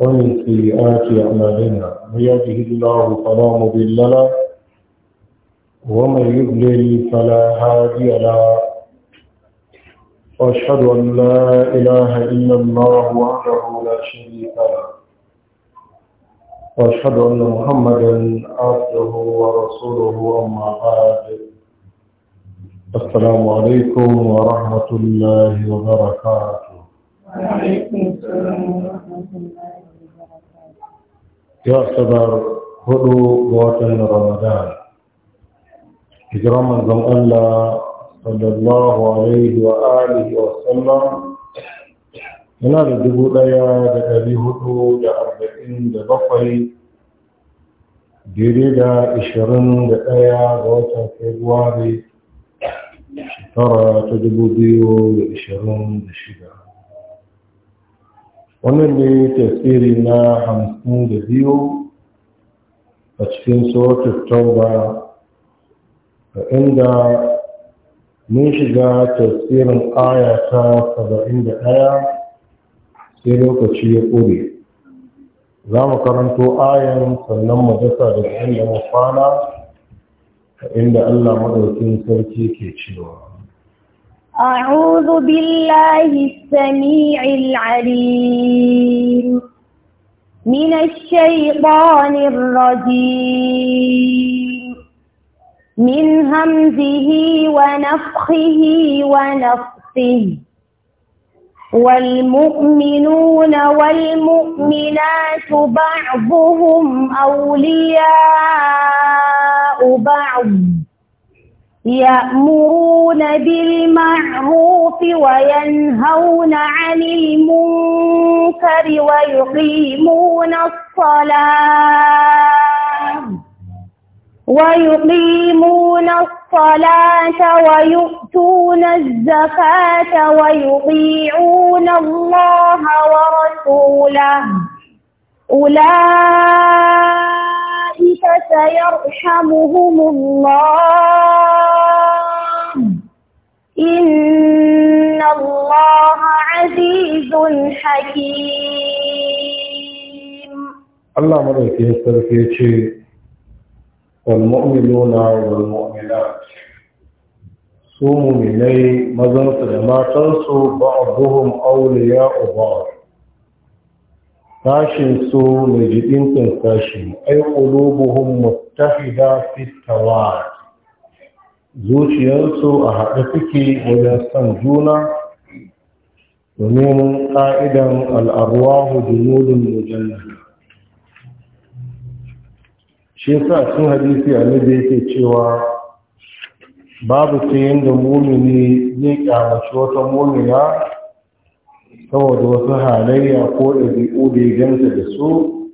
wọ́n ti ààkì àmàrínà ní ọjọ́ ìlú ọmọ ìlọ́lá wọ́n mẹ́ ìlú ní ìfàlá àádí àlá ọ̀ṣọ́dọ̀ ńlá ìlàhà ilẹ̀ mọ́ wọ́n rọrùn láṣírí ìfàlá السلام عليكم ورحمة الله وبركاته يا صدر هدو بوطن رمضان إجرام الزم الله صلى الله عليه وآله وسلم من هذا الدبو ليا دكالي هدو لأربعين دبقي جريدا إشرين دكايا بوطن فبواري tara ta dubu biyu da ishirin da shida wannan ne tasiri na hamsin da biyu a cikin sautar tauba a inda mun shiga tasirin ayata ta saba'in da ɗaya sai lokaci ya ƙure za mu karanto ayan kallon mu dasa da inda mu kwana inda Allah madaukin sarki ke cewa أعوذ بالله السميع العليم من الشيطان الرجيم من همزه ونفخه ونفخه والمؤمنون والمؤمنات بعضهم أولياء بعض يأمرون بالمعروف وينهون عن المنكر ويقيمون الصلاة ويقيمون الصلاة ويؤتون الزكاة ويطيعون الله ورسوله أولئك أولئك سيرحمهم الله إن الله عزيز حكيم الله مرحبا يسترفيكي والمؤمنون والمؤمنات صوموا من لي مظنة لما تنسوا بعضهم أولياء بعض tashin so mai jiɗintar sashi ai ƙulubuhun mutahida fitawa zuciyarsu a haɗe suke wajen son juna domin ƙa'idan al'arwahu junudun mujallada shi sa sun hadisi annabi yake cewa babu ta da mumini zai kyamaci wata mumina saboda wasu halayya ko ɗabi'u da ya gamsa da su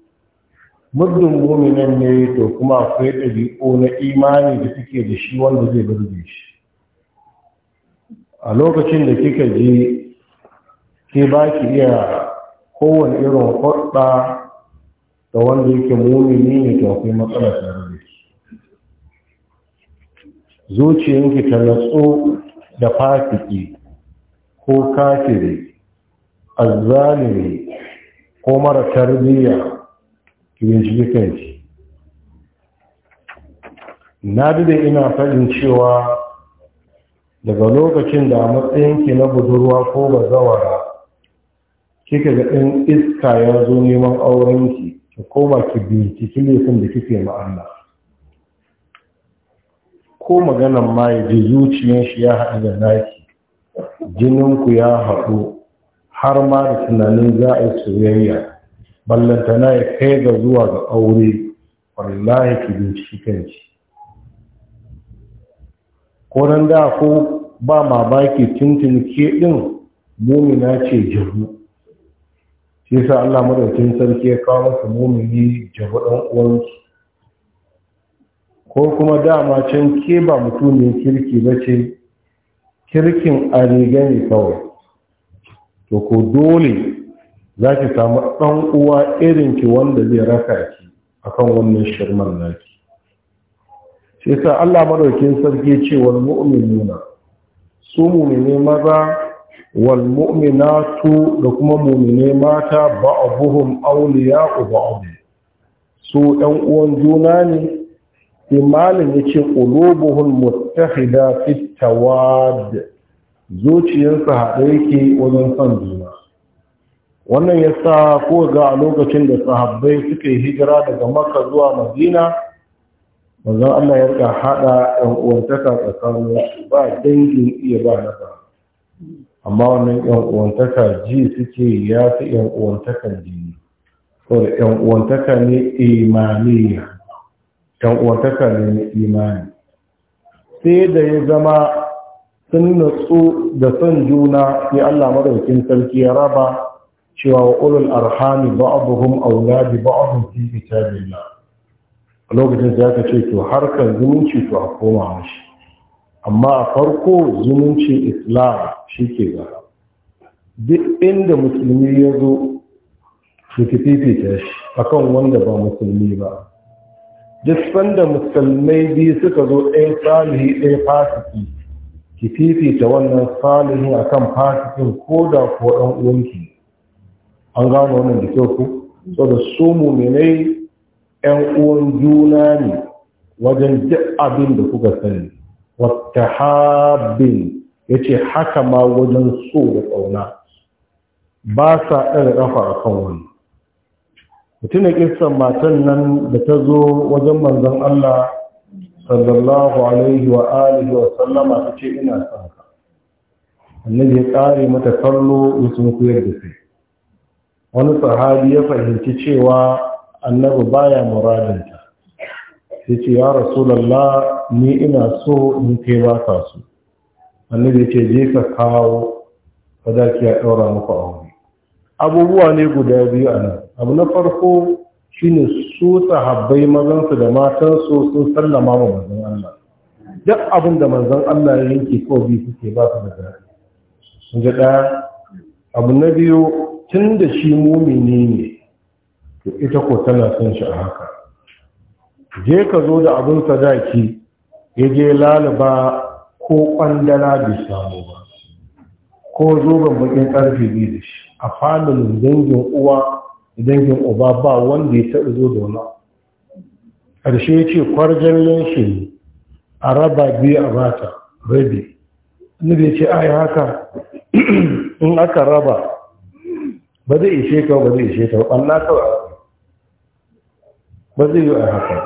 muddin muminan ne to kuma akwai ɗabi'u na imani da suke da shi wanda zai burge shi a lokacin da kika ji ke ba ki iya kowane irin hudda da wanda yake mumini ne to akwai matsala tare da shi zuciyanki ta natsu da fasiki ko kafiri azzalimi ko mara tarbiyya ya shi na da ina faɗin cewa daga lokacin da matsayinki na budurwa ko bazawara kika ga ɗin iska ya zo neman aurenki ki koma ki binciki laifin da kike ma Allah ko maganan ma ya ji zuciyar shi ya haɗu da naki jininku ya haɗu har ma da tunanin za a yi soyayya ballantana ya kai ga zuwa ga aure wallahi ki binciki kanki ko nan da ko ba mamaki tuntun ke din mumina ce jihu. shi yasa Allah madaukakin sarki ya kawo masa mumini jihu dan uwansu ko kuma dama can ke ba mutumin kirki ba ce kirkin a riga ne kawai to ko dole za ki samu ɗan uwa irin ki wanda zai raka ki akan wannan shirman naki shi sa Allah madaukin sarki ce wal mu'minuna su mu'mine maza wal mu'minatu da kuma mu'mine mata ba'dhum awliya'u ba'd su ɗan uwan juna ne imalin yace qulubuhum muttahida fit tawad zuciyarsa haɗe yake wajen son juna wannan ya sa ko ga a lokacin da sahabbai suka yi hijira daga maka zuwa madina wanzan Allah ya rika haɗa ɗan uwantaka tsakanin ba dangin iya ba na ba amma wannan ɗan uwantaka ji suke ya fi ɗan jini saboda ɗan uwantaka ne imaniya ɗan uwantaka ne imani sai da ya zama sun natsu da son juna sai Allah madaukin sarki ya raba cewa wa ulul arhami ba'dhum awla bi ba'dhum fi kitabillah a lokacin da aka ce to harkar zumunci to a koma mashi amma a farko zumunci islam shi ke gaba duk inda musulmi ya zo su ki fifita shi akan wanda ba musulmi ba duk sanda musulmai biyu suka zo ɗaya salihi ɗaya fasiki ki fifita wannan salihin kan fasikin ko da ko ɗan uwanki an gano wannan da kyau ku So da su muminai ‘yan uwan juna ne wajen duk abin da kuka sani wata habin ya ce haka ma wajen so da ƙauna ba sa ɗaga ƙafa a kan wani mutum da kisan matan nan da ta zo wajen manzan Allah sallallahu alaihi wa alihi wa sallama ta ce ina son ka annabi ya ƙare mata kallo ya kuyar da kai wani sahabi ya fahimci cewa annabi baya muradinta ya ce ya rasulallah ni ina so in kai ba ka so annabi ya ce je ka kawo ki ya ɗaura muku aure abubuwa ne guda biyu a nan abu na farko shine su sahabbai mazansu da matansu sun sallama wa manzon Allah duk abin da manzon Allah ya yanke ko bi suke ba su da sun ji ɗaya abu na biyu tun da shi mumini ne to ita ko tana son shi a haka je ka zo da abin sadaki ya je lalaba ko ƙwandala bai samu ba ko zoben bakin ƙarfe bai da shi a falin dangin uwa dangin uba ba wanda ya taɓa zo da wani ƙarshe ya ce kwarjan yanshi a raba biyu a bata rabi da ya ce ai haka in aka raba ba zai ishe ka ba zai ishe ta ba Allah kawai ba zai yi a haka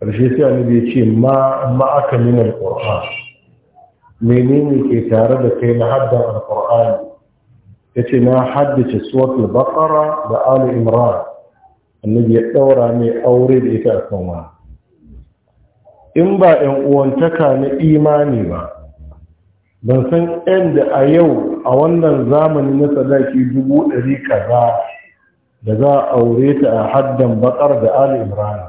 ƙarshe sai annabi ya ce ma ma aka min alqur'an menene ke tare da kai na haddan alqur'ani ya ce na haddace suwatul bakara da Ali imran annabi ya daura mai aure da ita a kanwa. in ba ‘yan uwantaka na imani ba ban san ‘yan a yau a wannan zamani na sadaki dubu ɗari kaza da za a aure ta a haddan bakar da Ali imran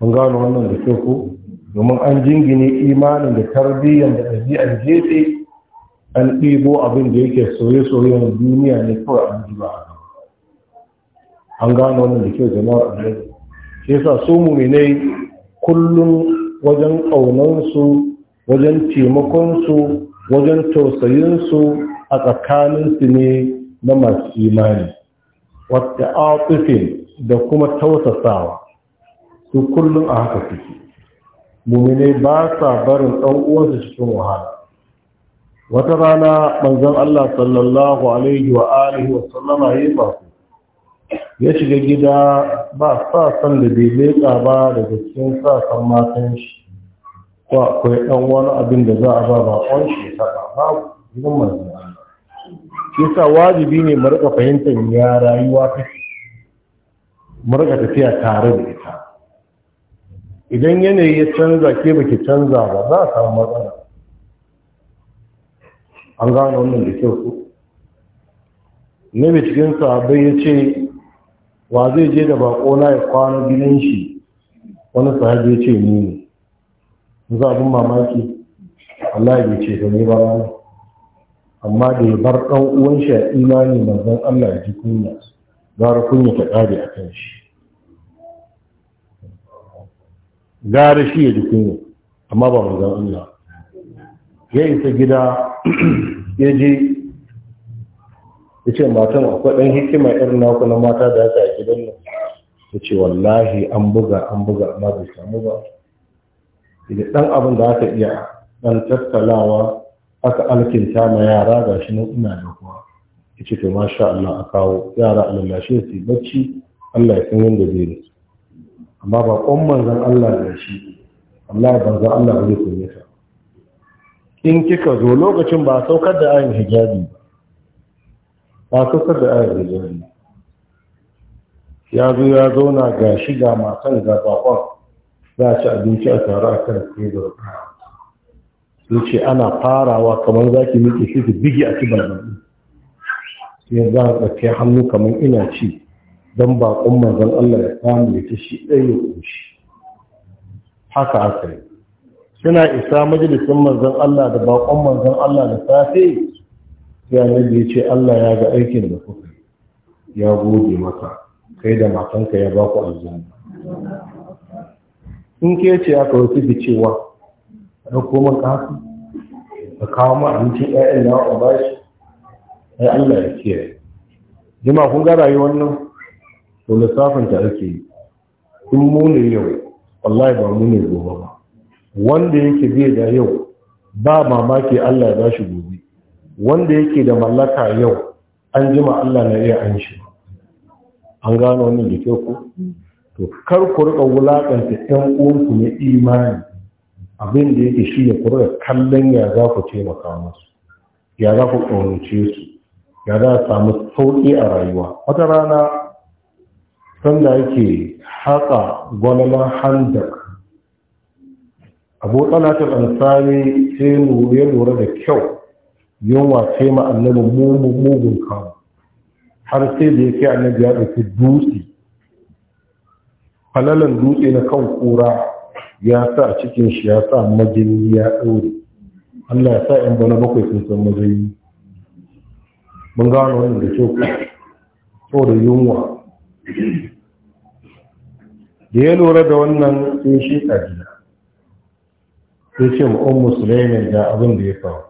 mun gano wannan da ku domin an jingine imanin da tarbiyyar da ɗabi'ar gefe an ɗibo abin da yake soye-soyen duniya ne kawai an ji ba an gano wannan da kyau jama'ar annabi shi yasa su muminai kullum wajen ƙaunansu wajen taimakonsu wajen tausayinsu a tsakaninsu ne na masu imani wata atsufin da kuma tausasawa su kullum a haka suke muminai ba sa barin ɗan uwansu cikin wahala wata rana manzon Allah sallallahu alaihi wa alihi wa sallama yi ba ya shiga gida ba sa san da bai bai ba daga cikin sa matan shi ko akwai ɗan wani abin da za a ba ba shi ta ba gidan manzon Allah yasa wajibi ne mu rika fahimtar ya rayuwa ta mu rika tafiya tare da ita idan yanayi ya canza ke baki canza ba za a samu matsala an gane wannan da kyau ku mai cikin sahabbai ya ce wa zai je da bako na ya kwana gidan shi wani sahabi ya ce ni ne za abin mamaki Allah ya ce ta ne ba amma da ya bar ɗan uwan shi a imani manzon Allah ya ji kunya gara kunya ta ƙare a kan shi gara shi ya ji kunya amma ba manzon Allah ya isa gida ya je ya ce matan akwai ɗan hikima irin naku na mata da aka a gidan nan ya ce wallahi an buga an buga amma bai samu ba Daga ɗan abin da aka iya ɗan tattalawa aka alkinta ma yara ga shi nan ina da kuwa ya ce to masha Allah a kawo yara a lallashe su bacci Allah ya san yadda zai ne amma ba ƙon manzan Allah da shi Allah ya banza. Allah ya zai kunyata in kika zo lokacin ba saukar da ayin hijabi ba saukar da ayin hijabi ya zo ya zauna ga shiga ga matan ga bakon za a ci abinci a tare a kan tebur Ya ce ana farawa kamar za ki miƙe shi su bigi a ci balbaɗi sai za a tsakiyar hannu kamar ina ci don bakon manzon Allah ya samu ya ci shi ɗaya ya ƙunshi haka aka yi suna isa majalisun manzan Allah da bakon manzan Allah da safe ya annabi ya ce Allah ya ga aikin da kuka ya gode maka kai da matanka ya baku aljanna in ke ce aka wasu ki cewa da koma kafi da kawo ma abincin ƴaƴan na a bashi ai Allah ya kiyaye jima kun ga rayuwar wannan, to lissafin ta ake yi in mu yau wallahi ba mu ne gobe ba wanda yake bai da yau ba mamaki Allah ya shi gobe wanda yake da mallaka yau an jima Allah na iya an shi an gano wani da ke ku to kar ku rika wulakanta ɗan uwanku na imani abin da yake shi ya ku rika kallon ya za ku taimaka musu ya za ku ƙaunace su ya za ku samu sauƙi a rayuwa wata rana sanda yake haƙa gwalaman handak abu tsanatar ansari sai ya lura da kyau yunwa sai ma annabi mugun kawo har sai da yake annabi ya ɗauki dutse falalan dutse na kan kura ya sa cikin shi ya sa majini ya ɗaure Allah ya sa ‘yan bana bakwai sun san majini mun gano wannan da kyau so da yunwa da ya lura da wannan sun shi ɗajiya sai ce ma ummu sulaiman da abin da ya faru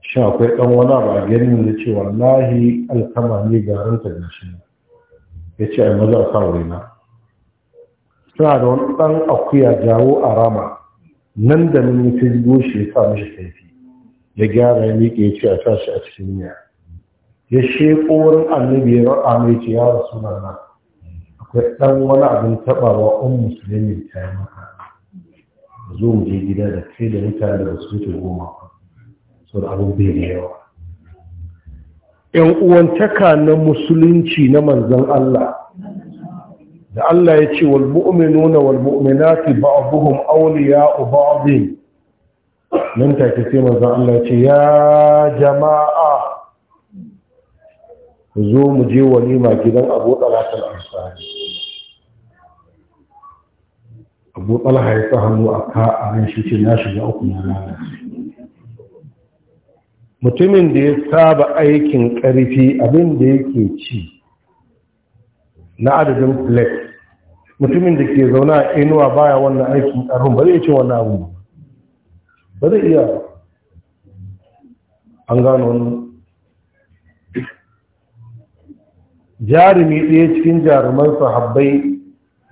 shi akwai dan wani abu a garin da ce wallahi alkama ne ga ta da shi ya ce ai maza sa wurina suna da wani ɗan akuya jawo a rama nan da nan ya fi goshi ya sa mashi kaifi ya gyara ya miƙe ya ce a tashi a cikin miya ya sheƙo wurin annabi ya ra'a mai ce ya rasu na akwai dan wani abin taɓawa un sulaiman ta yi maka zo mu je gida da kai da mutane da basu wuce goma so da abin bai da yawa yan uwantaka na musulunci na manzon Allah da Allah ya ce wal mu'minuna wal mu'minati ba'dhum awliya'u ba'dhin nan take sai manzon Allah ya ce ya jama'a zo mu je walima gidan Abu Talha al-Ansari abu talha ya sa hannu a ka a ran shi ce na shiga uku na rana mutumin da ya saba aikin ƙarfi abin da yake ci na adadin flex mutumin da ke zauna a inuwa baya wannan aikin ƙarfin ba zai ce wannan abu ba zai iya an gano wani jarumi ɗaya cikin jaruman sahabbai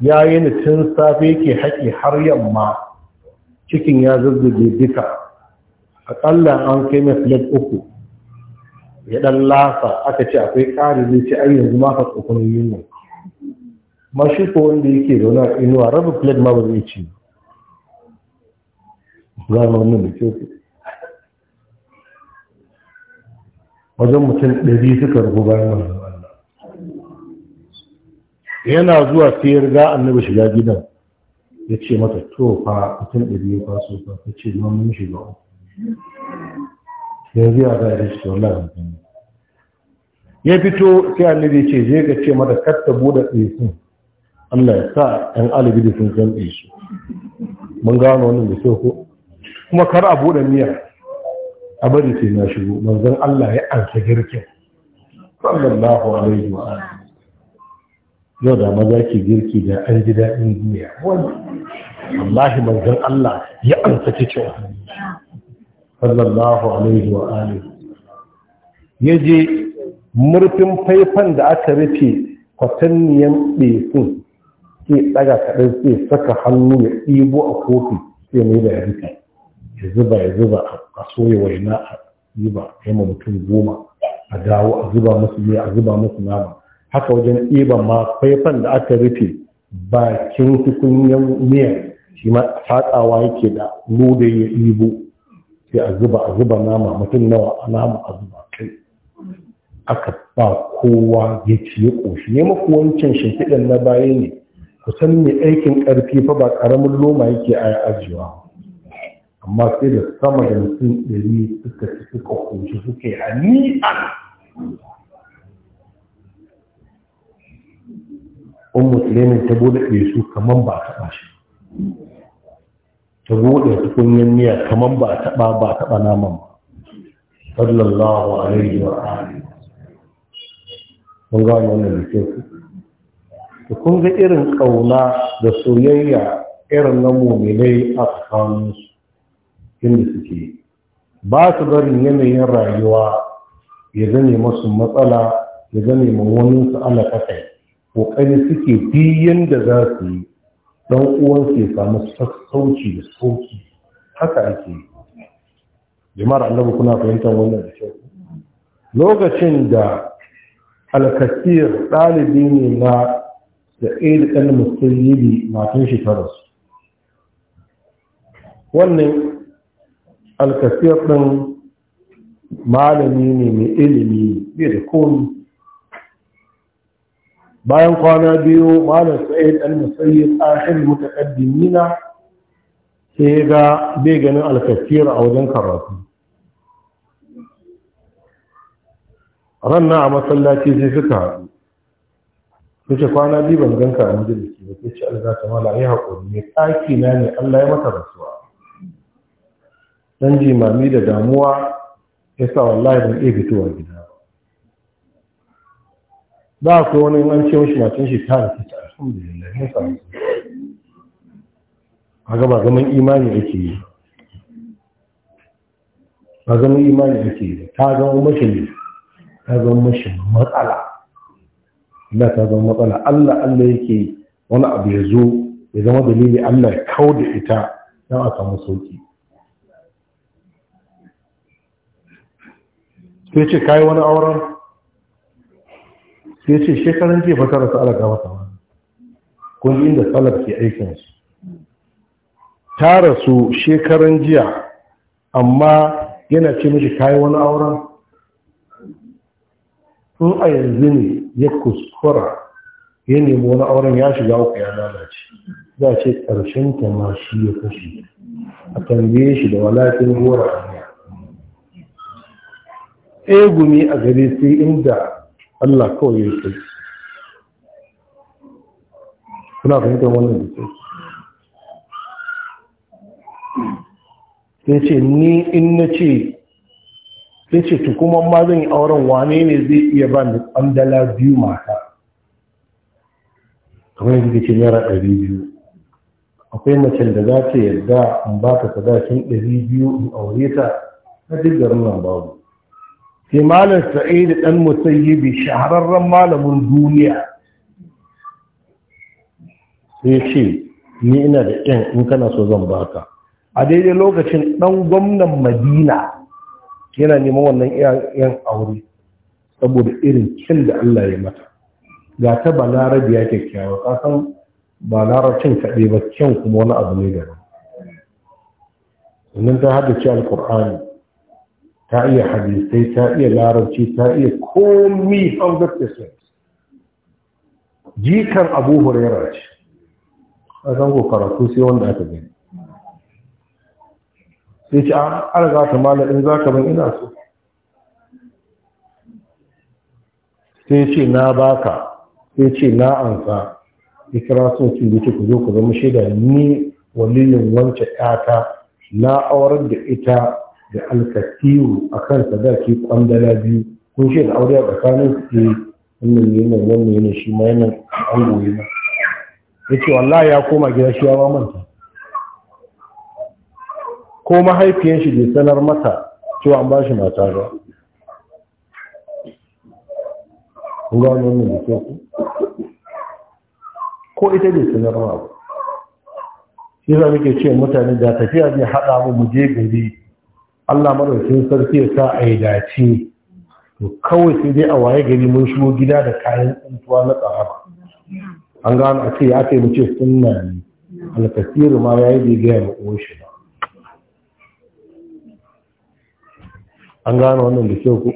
ya yi ni tun safe yake haƙi har yamma cikin ya zuzzuge duka aƙalla an kai mai filet uku ya ɗan lasa aka ce akwai ƙari zai ce ayyar yanzu ka yunwa ma ko wanda yake da wani inuwa rabin filet ma ba zai ci gano wannan da kyau wajen mutum ɗari suka rubu bayan wani yana zuwa sai ya riga annabi shiga gidan ya ce mata to fa mutum ɗari ya kwaso fa ta ce ma mun shiga yanzu ya za a yi shi wallahi mutum ya fito sai annabi ya ce je ga ce mata "Katta buɗa buɗe tsesin Allah ya sa ɗan alibi da sun san tsesu mun gano wannan da kyau ko kuma kar a buɗe miya a bari sai na shigo manzon Allah ya ansa girkin sallallahu alaihi wa yau da maza ke girki da an ji daɗin duniya wani wallahi manzon Allah ya amsa cewa sallallahu alaihi wa alihi ya je murfin faifan da aka rufe kwatanniyan ɗefin ke ɗaga kaɗan sai saka hannu ya ɗibo a kofi sai mai da ya rufe ya zuba ya zuba a soya waina a ba ya mutum goma a dawo a zuba musu ne a zuba musu nama haka wajen ɗiban ma faifan da aka rufe bakin tukunyan miya shi ma fatsawa yake da lode ya ɗibo sai a zuba a zuba nama mutum nawa a nama a zuba kai aka ba kowa ya ci ya ƙoshi ne maku shimfiɗan na baya ne kusan mai aikin ƙarfi fa ba ƙaramin loma yake a ajiyewa amma sai da sama da mutum ɗari suka ci suka ƙoshi suka yi ni'a un umm musulmi ta bude su kamar ba a taɓa shi ta su tukunyar miya kamar ba a taɓa ba a taɓa naman ba sallallahu alaihi wa alihi mun gano wannan da ke ku kun ga irin ƙauna da soyayya irin na mummunai a tsakaninsu inda suke ba su barin yanayin rayuwa ya zame masu matsala ya zame ma wani su ala kai ƙoƙari suke biyan da za su yi don uwan ya samu sassauci da sauki haka ake yi jama'ar annabu kuna fahimtar wannan da kyau lokacin da alkasir ɗalibi ne na da ɗaya ɗan musulmi matan shekarar wannan alkasir ɗin malami ne mai ilimi bai da komi bayan kwana biyu malam sa'id al-musayyib akhir mutaqaddimina sai ga bai ganin al a wajen karatu ranna a masallaci sai suka haɗu kwana biyu ban ganka a majalisi ba sai ce Allah ta mala ya haƙuri ne ɗaki na ne Allah ya mata rasuwa dan jimami da damuwa sa wallahi ban iya fitowa gida ba ko wani an ce mishi matan shi ta rasu ta alhamdulillah ya samu a gaba zaman imani ake yi ba zaman imani ake yi ta zama mashi ne ta zama mashi matsala Allah ta zama matsala Allah Allah yake wani abu ya zo ya zama dalili Allah ya kau da ita don a samu sauki sai ce kayi wani auren sai ce shekaran jiya fata rasu alaka mata wani kun ji inda salaf ke aikinsu ta rasu shekaran jiya amma yana ce mishi kayi wani auren in a yanzu ne ya kuskura ya nemi wani auren ya shiga uku ya lalace za a ce ƙarshen ta ma shi ya kashe a tambaye shi da walakin gora a ɗaya gumi a gare sai inda Allah kawai ya yi suna fahimtar wannan da ke ya ce ni in na ce ya ce kuma ma zan yi auren wane ne zai iya ba ni ɓandala biyu mata kamar yadda ce naira ɗari biyu akwai macen da za ta yarda in ba ta sadakin ɗari biyu in aure ta na jirgin garin nan babu sai da sa'id dan musayyibi shahararren malamin duniya sai ce ni ina da ƴan in kana so zan baka a daidai lokacin ɗan gwamnan madina yana neman wannan ƴan aure saboda irin kin da Allah ya mata ga ta balarabi ya kyakkyawa kasan balarabcin kaɗai ba kyan kuma wani abu ne da sannan ta ce alkur'ani ta iya hadisai ta iya larabci ta iya komi 100% jikan abu hurera ce a zango karatu sai wanda aka gani sai ce ah, an za ta mala in za ka bin ina so sai ce na baka sai ce na ansa ikira sun cin da ku zo ku zama shaida ni waliyin wancan ƴata na aurar da ita da alkatiyu a da sadaki kwandala biyu kun shi da aure a tsakanin su ke eh, wannan yanar wannan yanar shi ma yana an goyi ba. ya ce wallahi ya koma gida shi ya manta ko mahaifiyar shi bai sanar mata cewa an ba shi mata ba kun ga wannan da kyau ko ita bai sanar ba shi za muke ce mutane da tafiya zai haɗa mu mu je gari Allah madaukin sarki ya sa a yi dace to kawai sai dai a waye gari mun shigo gida da kayan tsuntuwa na tsaraba an gano a ce ya kai mu ce sunna ne alkasiru ma ya yi bai gaya ma uwan shi ba an gano wannan da kyau ko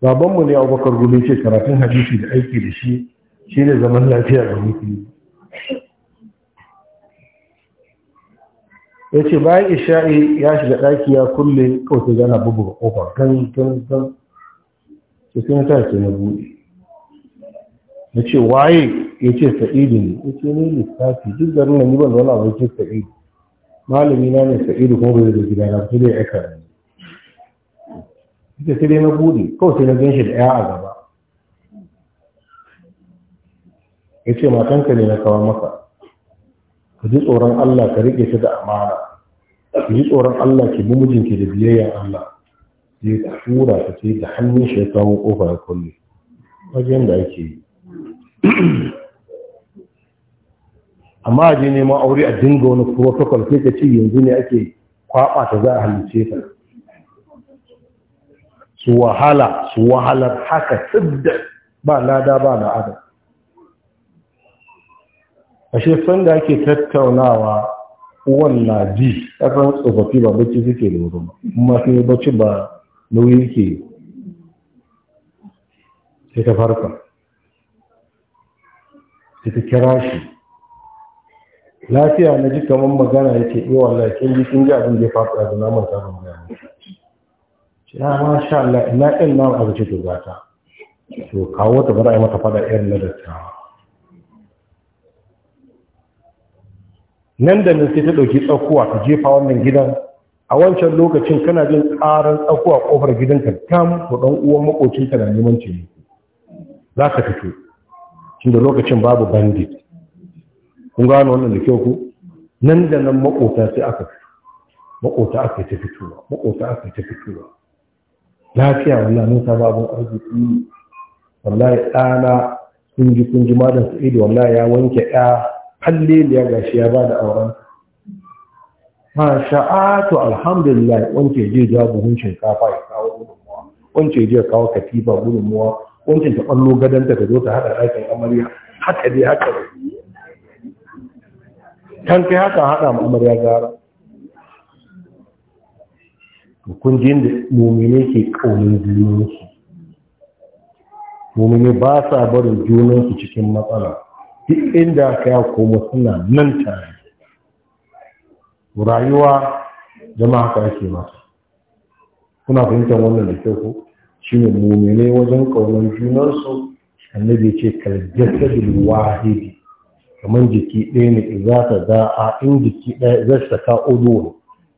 babanmu ne abubakar gumi ce karatun hadisi da aiki da shi shi ne zaman lafiya da mutum ya ce bayan isha'i ya shiga ɗaki ya kulle kawai zana ga ƙofa kan kan kan sai sai ta ce na buɗe ya ce waye ya ce sa'idu ne ya ce ne lissafi duk garin na niban da wani ce sa'idu malami na ne sa'idu kuma bai da gida na kudai ya kare ne ya sai dai na buɗe kawai na gan shi da ya a gaba ya ce matanka ne na kawo maka ka ji tsoron Allah ka rike ta da amana ki ji tsoron Allah ki bi mijinki da biyayya Allah sai ka tura ka ce ta hannun shi ya kofa ya kulle wajen da ake yi amma a je neman aure a dinga wani protocol sai ka ce yanzu ne ake kwaba ta za a halice ta su wahala su wahalar haka sidda ba lada ba na ashe san da ake tattaunawa uwan na ji ƙasar tsofaffi ba bacci suke da wurin kuma sun yi bacci ba nauyi ke sai ta farka sai ta kira shi lafiya na ji kamar magana ya ke, iya eh, wallahi kin ji kin ji abin da ya faɗa da naman mai ban gaya shi ya ma ah, sha Allah ina ɗin naman abu ce to zata to kawo ta bar a yi mata faɗa irin na dattawa nan da nan sai ta ɗauki tsakuwa ta jefa wannan gidan a wancan lokacin kana jin ƙarar tsakuwa ƙofar gidanka tam ko ɗan uwan makocinka na neman ce za ka fito shi da lokacin babu bandit kun gano wannan da kyau ku nan da nan makota sai aka fito makota aka ta fitowa makota aka ta fitowa lafiya wallahi mun samu abin arziki wallahi ɗana kun ji kun ji madan sa'idu wallahi ya wanke ya halle ya gashi ya ba da auren ma sha'atu alhamdulillah Wancan je ja buhun shinkafa ya kawo gudunmuwa wance je kawo katifa gudunmuwa wance ta ɓallo gadonta ta zo ta haɗa aikin amarya haka dai haka dai kan kai haka haɗa ma amarya gara kun ji da mumine ke ƙaunin junansu mummune ba sa barin junansu cikin matsala duk inda aka ya koma suna nan tare rayuwa jama'a haka ake masa kuna fahimtar wannan da kyau ko shi ne mumine wajen ƙaunar junansu annabi ce da wahidi kamar jiki ɗaya ne za ta da'a in jiki ɗaya za ta ka odowa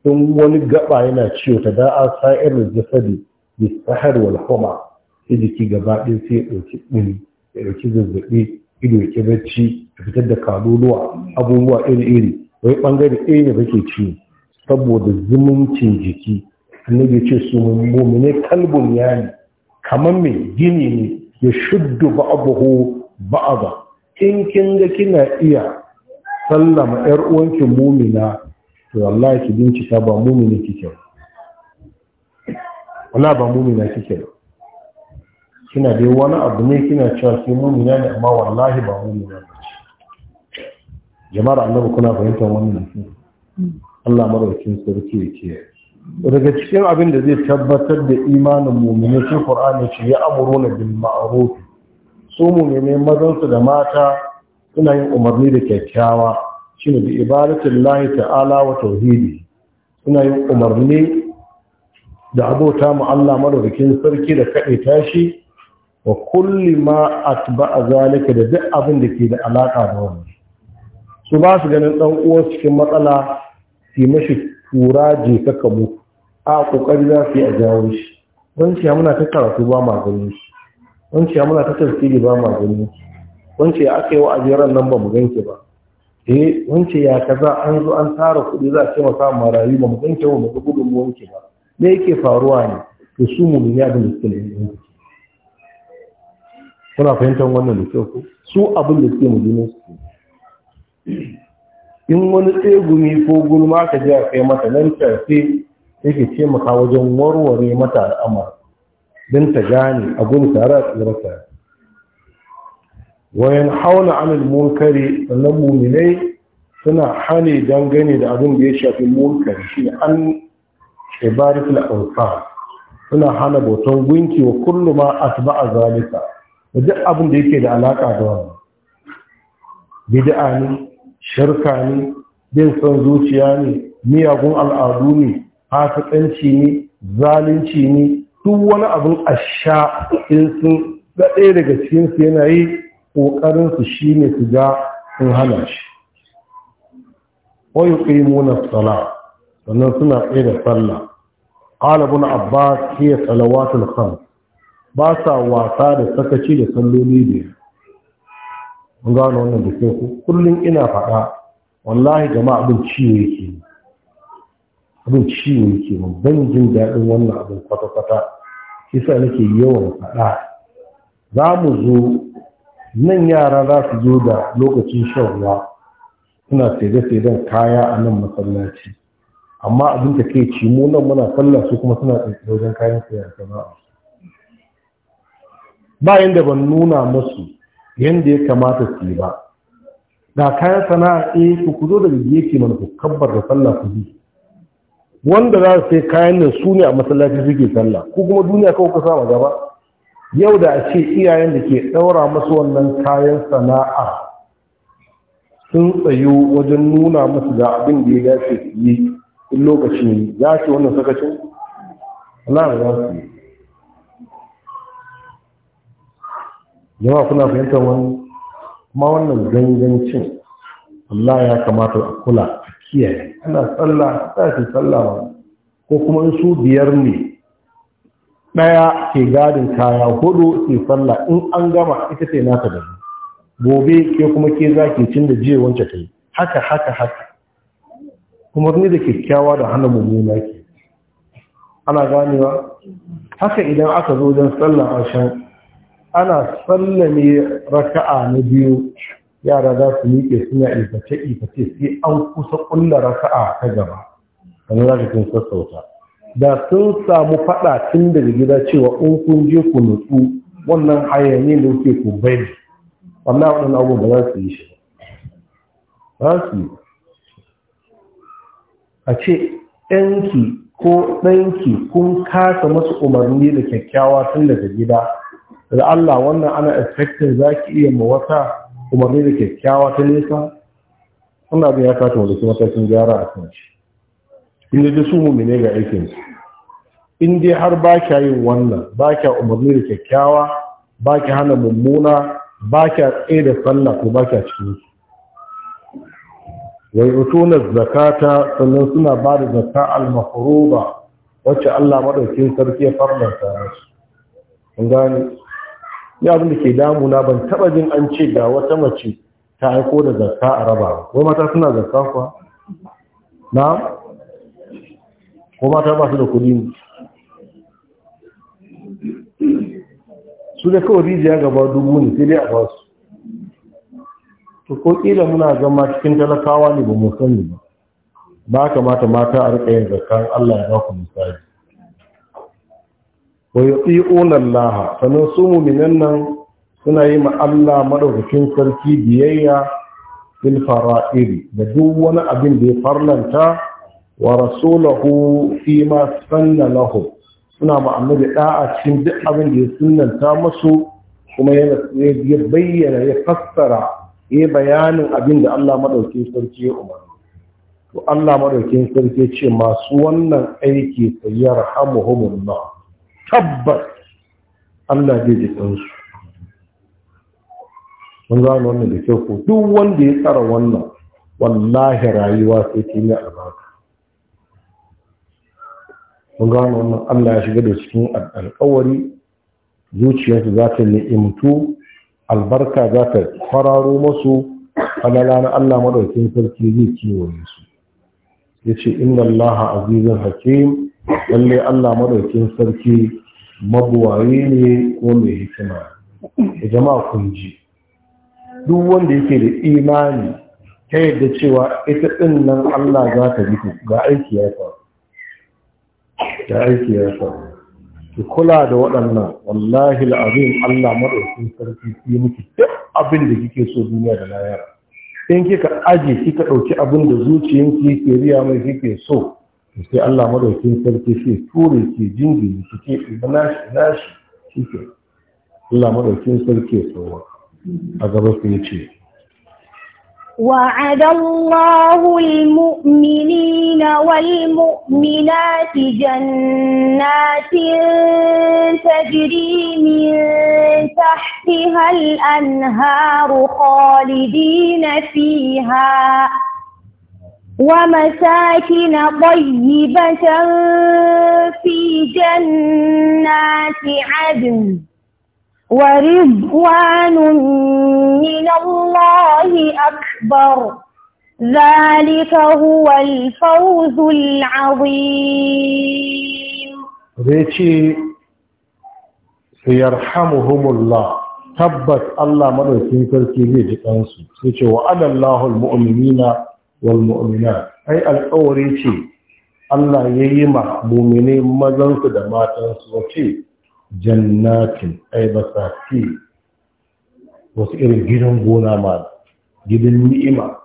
in wani gaba yana ciwo ta da'a sa'ir da jasadi da sahar wal homa sai jiki gaba ɗin sai ya ɗauki ɗin ya ɗauki zazzaɓi ido ya ke bacci ka fitar da kaluluwa abubuwa iri-iri wai bangare a ne kake ci saboda zumuncin jiki annabi ce su mummune kalbun yani kamar mai gini ne ya shuddu ba'abahu ba'aba in kin ga kina iya sallama yar uwanki mumina to wallahi ki bincika ba mumina kike ba wala ba mumina kike ba kina dai wani abu ne kina cewa sai mumina ne amma wallahi ba mumina ba ce jama'ar annabi kuna fahimtar wannan Allah madaukakin sarki ya kiyaye daga cikin abin da zai tabbatar da imanin mumini shi qur'ani shi ya amuru na bil ma'ruf su mai mazan su da mata suna yin umarni da kyakkyawa shine bi ibadatillahi ta'ala wa tauhidi suna yin umarni da abota mu Allah madaukakin sarki da kade tashi wa kulli ma atba zalika da duk abin da ke da alaka da wannan su ba su ganin dan uwa cikin matsala su mashi tura je ka kamu a kokari za su yi a jawo shi wanciya muna ta karatu ba ma gani shi wanciya muna ta tafsiri ba ma gani shi wanciya aka yi wa ajiyar nan ba mu ganke ba eh ya kaza an zo an tara kuɗi za a ce masa marayu ba mu ganke ba mu ga gudun wanke ba me yake faruwa ne to su mu ne abin da mutum ne kuna fahimtar wannan da kyau su abin da suke mujinan su in wani tsegumi ko gulma ka ji a kai mata nan karfe yake taimaka wajen warware mata al'amar don ta gane gudu tare a tsirata wayan hauna anil munkari sannan muminai suna hane dangane da abin da ya shafi munkari shi an ibaratul anfa suna hana bautan gunki wa kullu ma atba'a zalika da duk abin da yake da alaƙa da wannan bid'a ne shirka ne bin son zuciya ne miyagun al'adu ne fasikanci ne zalunci ne duk wani abin a sha in sun ɗaya daga cikin su yana yi ƙoƙarin su ne su ga sun hana shi wa yuqimuna sala sannan suna ɗaya da sallah qala Abba abbas hiya salawatul ba sa wasa da sakaci da salloli biyar mun gano wannan da kyau. kullum ina faɗa wallahi gama abin ciwo yake abin ciwo yake ban jin daɗin wannan abin kwata-kwata isa nake yawan faɗa za mu zo nan yara za su zo da lokacin shan ruwa suna saide-saiden kaya a nan masallaci amma abin ta ke ci mu nan muna sallah su kuma suna tsaye wajen kayan sayar sana'a bayan da ban nuna musu yadda ya kamata su yi ba da kayan sana'a eh ku ku zo daga gefe mana ku kabbar da sallah ku bi wanda za su sai kayan nan su ne a masallaci suke sallah ko kuma duniya kawai ku ma gaba yau da a ce iyayen da ke ɗaura masu wannan kayan sana'a sun tsayo wajen nuna musu da abin da ya dace su yi in lokacin ya ce wannan sakacin Allah ya su yi yawa kuna fahimtar wani kuma wannan gangancin Allah ya kamata a kula a kiyaye ana tsalla ta ce tsalla ba ko kuma su biyar ne ɗaya ke gadin kaya hudu ke tsalla in an gama ita ce nata da gobe ke kuma ke za ke cin da jiya wancan ta yi haka haka haka kuma ne da kyakkyawa da hana mummuna ke ana ganewa haka idan aka zo don a shan ana sallame raka'a na biyu yara za su miƙe suna iface iface sai an kusa ƙulla raka'a ta gaba kamar za ka sun sassauta da sun samu faɗa tun daga gida cewa in kun je ku nutsu wannan hayani da kuke ku bai amma waɗannan abubuwan ba za su yi shi ba su yi a ce ɗanki ko ɗanki kun kasa masu umarni da kyakkyawa tun daga gida da Allah wannan ana expecting za ki iya ma wata umarni da kyakkyawa ta nesa suna abin ya kata wanda kuma matakin gyara a kan shi inda dai su mummune ga aikin su in dai har ba kya yin wannan ba kya umarni da kyakkyawa ba kya hana mummuna ba kya tsaye da sallah ko ba kya cikin su wai utuna zakata sannan suna ba da zakka al-mafruba wacce Allah madaukin sarki ya farlanta musu kun gani ya abin da ke damuna ban taba jin an ce da wata mace ta aiko da zakka a raba ko mata suna zakka kuwa na ko mata ba su da kudi ne su da kawai rijiya gaba dubu ne sai dai a ba su to ko kila muna zama cikin talakawa ne ba mu sani ba ba kamata mata a riƙa yin Allah ya ba ku misali wa yuti'una Allah sannan su mu'minan nan suna yi ma Allah madaukakin sarki biyayya bil fara'id da duk wani abin da ya farlanta wa rasulahu fi ma sanna lahu suna ma annabi da'a cikin duk abin da ya sunnanta masu kuma ya bayyana ya fassara ya bayanin abin da Allah madaukakin sarki ya umar. to Allah madaukin sarki ce masu wannan aiki sayyar hamuhumullah tabbas Allah zai ji ɗansu. mun gano wannan da kyau ko duk wanda ya tsara wannan wallahi rayuwa sai ta yi albarka mun gano wannan Allah ya shiga da cikin alkawari zuciyarsu za ta ni'imtu albarka za ta kwararo masu falala na Allah maɗaukin sarki zai kewaye su ya ce inda Allah azizun hakim lalle Allah maɗaukin sarki mabuwaye ne ko mai hikima da eh, jama'a kun duk wanda yake da imani ta yadda cewa ita ɗin nan Allah za ta rike ga aiki ya faru ga aiki ya faru ki kula da waɗannan wallahi al'azim Allah maɗaukin sarki ki miki duk abin da kike so duniya da lahira in kika aje kika ɗauki abin da zuciyanki ke riya mai kike so sai Allah madaukin sarki sai ture ki jingi ki ke ibnashi nashi shi ke Allah madaukin sarki ya tsawo a gaba su yace وعد الله المؤمنين والمؤمنات جنات تجري من تحتها الأنهار خالدين فيها ومساكن طيبة في جنات عدن ورضوان من الله أكبر ذلك هو الفوز العظيم ريتي سيرحمهم الله تبت الله مدوكين تركي ليه جتانسو سيتي وعلى الله المؤمنين wal ai alƙawari ce Allah ya yi ma mazan mazansu da matansu wace jannatin ai basati wasu irin gidan gona ma gidan ni'ima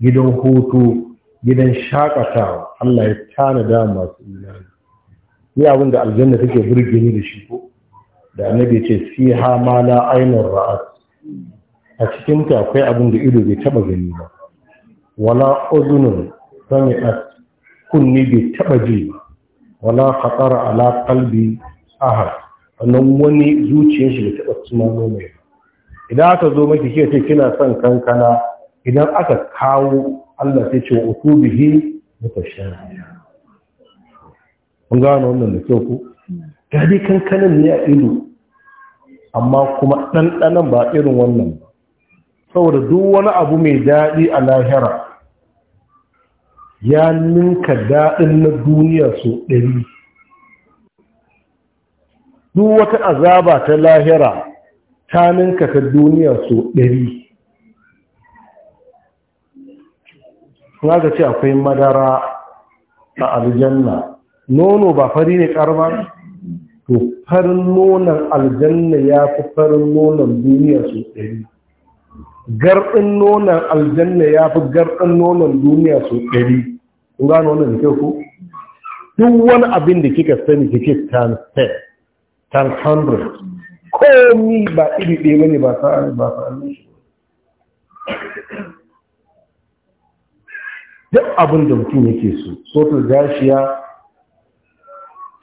gidan hutu gidan shakatawa Allah ya tanada masu imani ni abin da aljanna take burge ni da shi ko da annabi ce fiha ma la ra'at a cikin ta akwai abin da ido bai taba gani ba wala uzunun sami'at kunni bai taba ji wala khatara ala qalbi ahad sannan wani zuciyar shi bai taba tunano mai idan aka zo maki ke ce kina son kankana idan aka kawo Allah sai ce wa utubihi mutashabiha Mun gano wannan da kyau ku ga dai kankanin ne a ido amma kuma ɗanɗanan ba irin wannan ba saboda duk wani abu mai daɗi a lahira ya ninka daɗin na duniya so ɗari duk wata azaba ta lahira ta ninka ta duniya so ɗari ga ce akwai madara a aljanna nono ba fari ne ƙarfa to farin nonon aljanna ya fi farin nonon duniya so ɗari garɗin nonon aljanna ya fi garɗin nonon duniya so ɗari kun gano wannan da ku duk wani abin da kika sani kike tan ten tan hundred komi ba iri ɗaya bane ba sa ba sa duk abin da mutum yake so sotar gashiya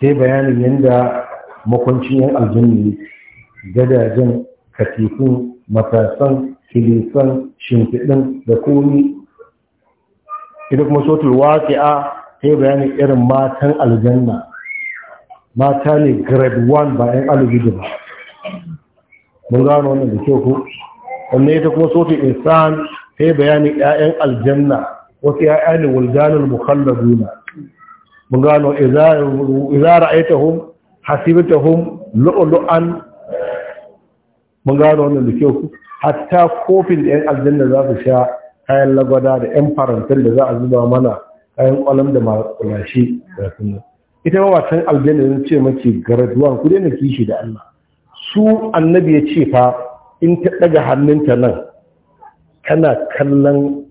sai bayanin yadda makwancin yan ne gadajen katifin matasan kilisan shimfiɗin da komi idan kuma sotul waqi'a ta yi bayanin irin matan aljanna mata ne grade 1 ba yan alubidu ba mun gano wannan da kyau ita kuma sotul insan ta yi bayanin 'ya'yan aljanna wasu 'ya'ya ne wuldanul mukhalladuna mun gano idza ra'aytahum hasibtahum lu'lu'an mun gano wannan da kyau hatta kofin da 'yan aljanna za su sha kayan lagwada da yan farantin da za a zuba mana kayan kwalam da makulashi da kuma ita ma wasan aljanna zan ce maki garaduwan ku daina kishi da Allah su annabi ya ce fa in ta daga hannunta nan kana kallon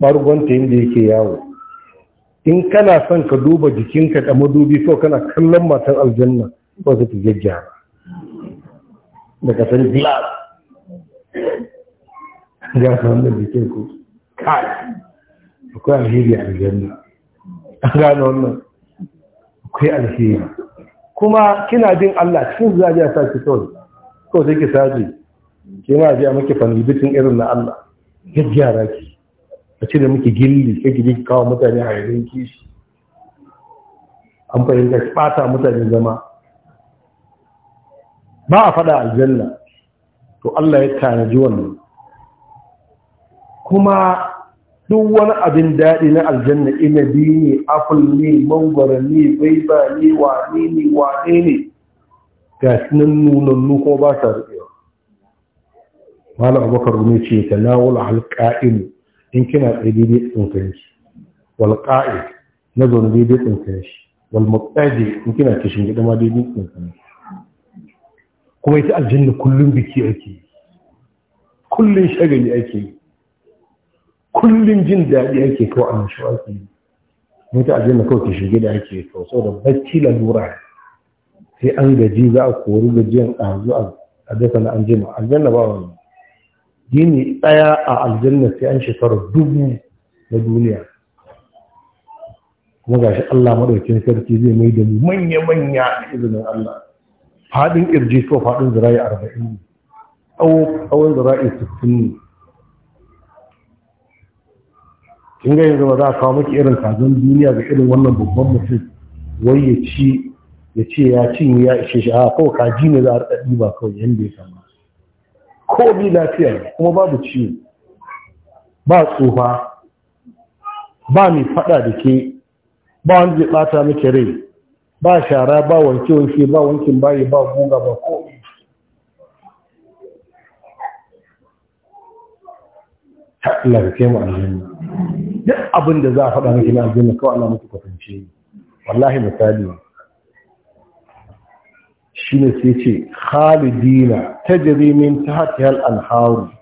bargonta inda yake yawo in kana son ka duba jikinka da madubi so kana kallon matan aljanna ko su ta gyaggyara daga san ga ka da bikin ku kai akwai alheri a aljanna an gane wannan akwai alheri kuma kina jin Allah cikin zaji ya saki kawai ko sai ki saji ki ma ji a miki fannibitin irin na Allah gyaggyara ki a ce da miki gilli sai ki ji kawo mutane a yayin kishi an fahimta ki bata mutane zama ba a fada aljanna to Allah ya tanaji wannan kuma duk wani abin daɗi na aljanna inabi ne apple ne mangwara ne baiba ne wane ne wane ne ga sinan nunan ko ba sa riƙewa malam abokan rumi ce ta nawula alƙa'in in kina tsaye daidai tsinkan shi wal ƙa'in na zaune daidai tsinkan shi wal in kina kishin gida ma daidai tsinkan shi kuma ita aljanna kullum biki ake yi kullum shagali ake yi kullum jin daɗi ake kawo a ake yi mutu a jina kawai ke shige da ake kawo da bacci lalura sai an gaji za a kori gajiyan ɗazu a dasa na an jima aljanna ba wani gini ɗaya a aljanna sai an shekarar dubu na duniya kuma gashi Allah maɗaukin sarki zai mai da manya-manya a izinin Allah faɗin ƙirji ko faɗin zira'i arba'in ne tsawon zira'i sittin ne kin ga yanzu ba za a kawo maki irin kazan duniya ga irin wannan babban mutum wai ya ci ya ce ya cinye ya ishe shi a kawai kaji ne za a rika ɗiba kawai yanda ya kama. ko bi lafiya kuma babu ciwo ba tsufa ba mai fada da ke ba wanda zai bata miki rai ba shara ba wanke wanke ba wankin bayi ba guga ba ko Allah ka kai mu aljanna duk abin da za a faɗa miki na aljanna kawai Allah muku kasance ni wallahi misali shine sai ce khalidina tajri min ta al-anhar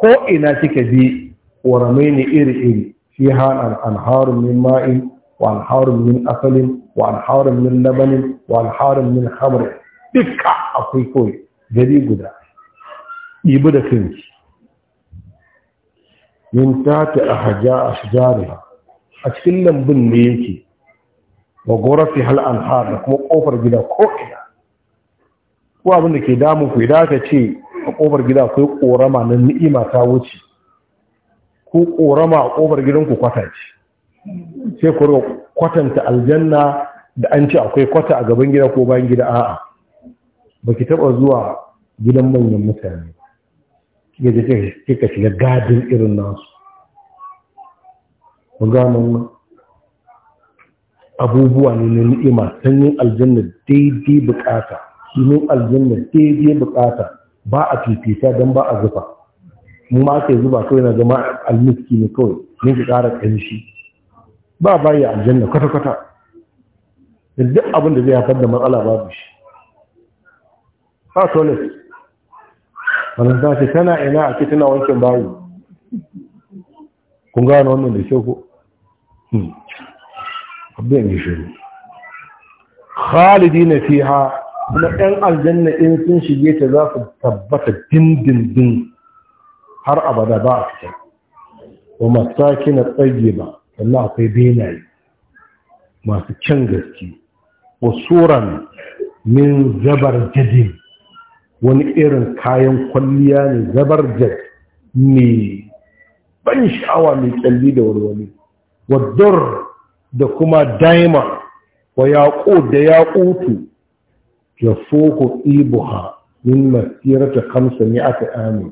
ko ina kike bi waramaini iri iri fiha al-anhar min ma'in wa anhar min asalin wa anhar min labanin wa al-anhar min khamr dukka akwai koyi gari guda ibu da kanki min tata a haja a a cikin lambun ne yake wa gorafi hal anhar da kuma kofar gida ko ina ko abin da ke damun ku idan aka ce a kofar gida akwai korama na ni'ima ta wuce ko korama a kofar gidan ku kwata ce sai ku kwatanta aljanna da an ce akwai kwata a gaban gida ko bayan gida a'a baki taɓa zuwa gidan manyan mutane kika je kika shiga gadin irin nasu mun gano abubuwa ne na ni'ima sanyin aljanna daidai bukata sanyin aljanna daidai bukata ba a fifita don ba a zufa mu ma ake zuba kawai na zama almiski ne kawai ne ki ƙara ƙanshi ba bayi aljanna kwata-kwata da duk abin da zai haifar da matsala babu shi ba toilet wannan za ce tana ina a cikin tana wankin bayi kun gano wannan da kyau ko hmm. abin yi shiru khalidi na fiha kuma ɗan aljanna in sun shige ta za su tabbata dindindin har abada ba a fita wa masaki na tsage ba sannan akwai benaye masu can gaske wa tsoron min zabar jadin wani irin kayan kwalliya ne zabar zabarjat ne ban sha'awa mai kyalli da wani. waddar da kuma daima wa yaƙo da yaƙutu ya foko ibuha min masirata kamsa ne aka ame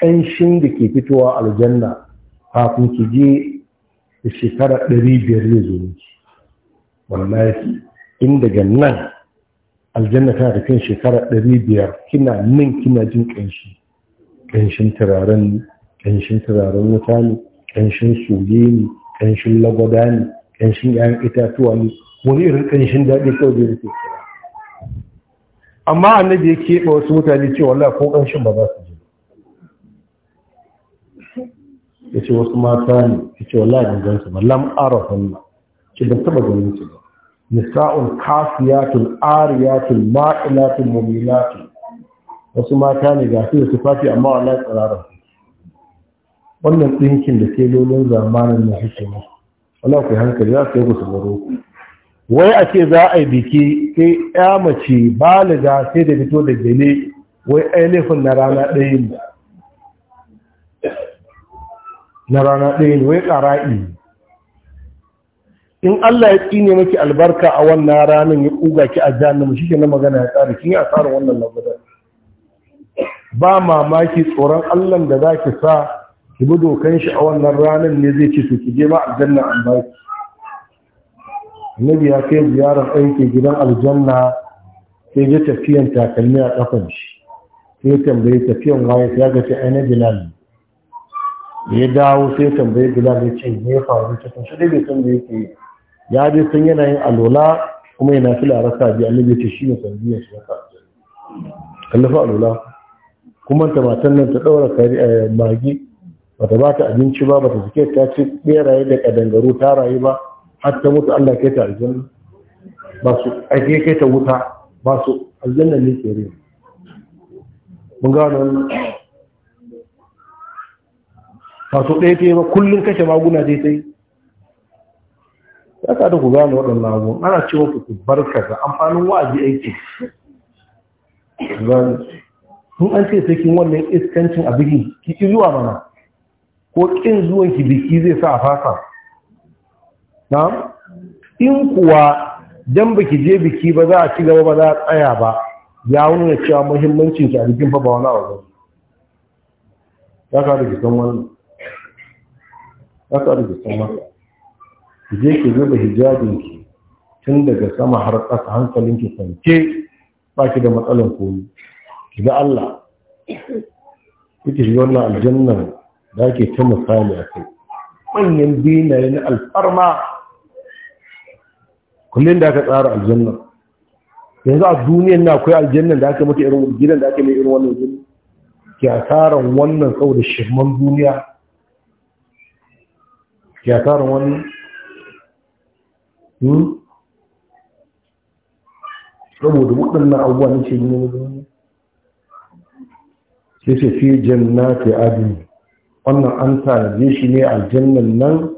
ƙanshin da ke fitowa aljanna kafin ki je da shekara ɗari biyar ya zo miki wallahi in daga nan aljanna tana tafiyan shekara ɗari biyar kina nan kina jin ƙanshi ƙanshin turaren ƙanshin turaren wuta ne ƙanshin soye ne ƙanshin lagwada ne ƙanshin 'ya'yan itatuwa ne wani irin ƙanshin daɗi kawai da yake kira amma annabi ya keɓe wasu mutane cewa wallahi ko ƙanshin ba za su ji ya ce wasu mata ne ya ce wallahi ban su ba lam arafan ce ban taɓa ganin su ba nisa'un kafiyatul ariyatul ma'ilatul mumilatul wasu mata ne ga su fashi amma amma wallahi tsararar wannan tsinkin da ke telolin zamanin na hikima Allah ku hankali za su yi gusa baro wai a ce za a yi biki sai ya mace baliga sai da fito da gele wai ainihin na rana ɗaya na rana ɗaya wai ƙara'i in Allah ya tsine maki albarka a wannan ranar ya kuga ki a jahannama shi na magana ya tsara kin yi asarar wannan lagwadar ba mamaki tsoron Allah da za ki sa ki bi dokan shi a wannan ranar ne zai ce to ki je ma aljanna an ba ki nabi ya kai ziyarar aiki gidan aljanna sai ya tafiyan takalmi a kafan shi sai ya tambayi tafiyan waye sai ga ta ainihin bilal da ya dawo sai ya tambayi bilal ya ce me ya faru ta kan shi dai bai san me yake yi ya bi san yana yin alola kuma yana fila rasa biya, annabi ce shi ne sanadiyar shi rasa kallafa alola kuma ta matan nan ta ɗaura kari eh, magi bata ba ta abinci ba bata suke ta ci ɓeraye da kadangaru ta rayu ba har ta mutu Allah kai ta aljanna ba su ake kai ta wuta ba su aljanna ne ke rai mun gano ba su ɗaya ta yi ba kullum kashe maguna dai sai ya ka da ku gane waɗannan abubuwan ana ce muku ku bar kaza amfanin wa'azi aiki sun an ce sai kin wannan iskancin a biki ki ki zuwa mana ko kin zuwan ki biki zai sa a fasa na in kuwa dan baki je biki ba za a ci gaba ba za a tsaya ba ya nuna cewa muhimmancin ki a bikin fa ba wani abu ya ka da kisan wannan ya ka da kisan wannan ki je ki zuba hijabinki tun daga sama har ƙasa hankalinki kwance ba ki da matsalan komi ki ga Allah kuke shiga wannan aljannan da ake ta misali a kai manyan binaye na alfarma kullum da aka tsara aljannan yanzu a duniyan na akwai aljannan da aka mutu irin gidan da aka mai irin wannan gini ki tsarin wannan saboda shirman duniya ki tsarin wannan Hmm? saboda waɗannan abubuwa ne ce yi na wajen sai ce fi jannati adini wannan an tanaje shi ne aljannan nan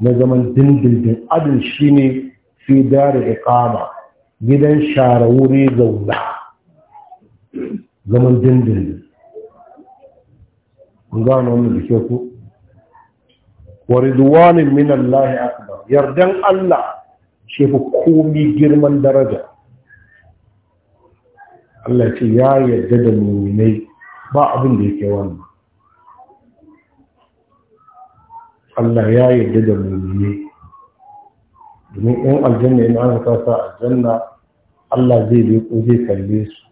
na zaman dindindin adin shi ne fi dare da kama gidan share wuri zauna zaman dindindin an gano wani da ke ku wa ridwanin minan lahi akbar yardan Allah shi fi komi girman daraja Allah ce ya yadda da muminai ba abin da yake wannan Allah ya yadda da muminai domin in aljanna yana aka kasa aljanna Allah zai leko zai kalle su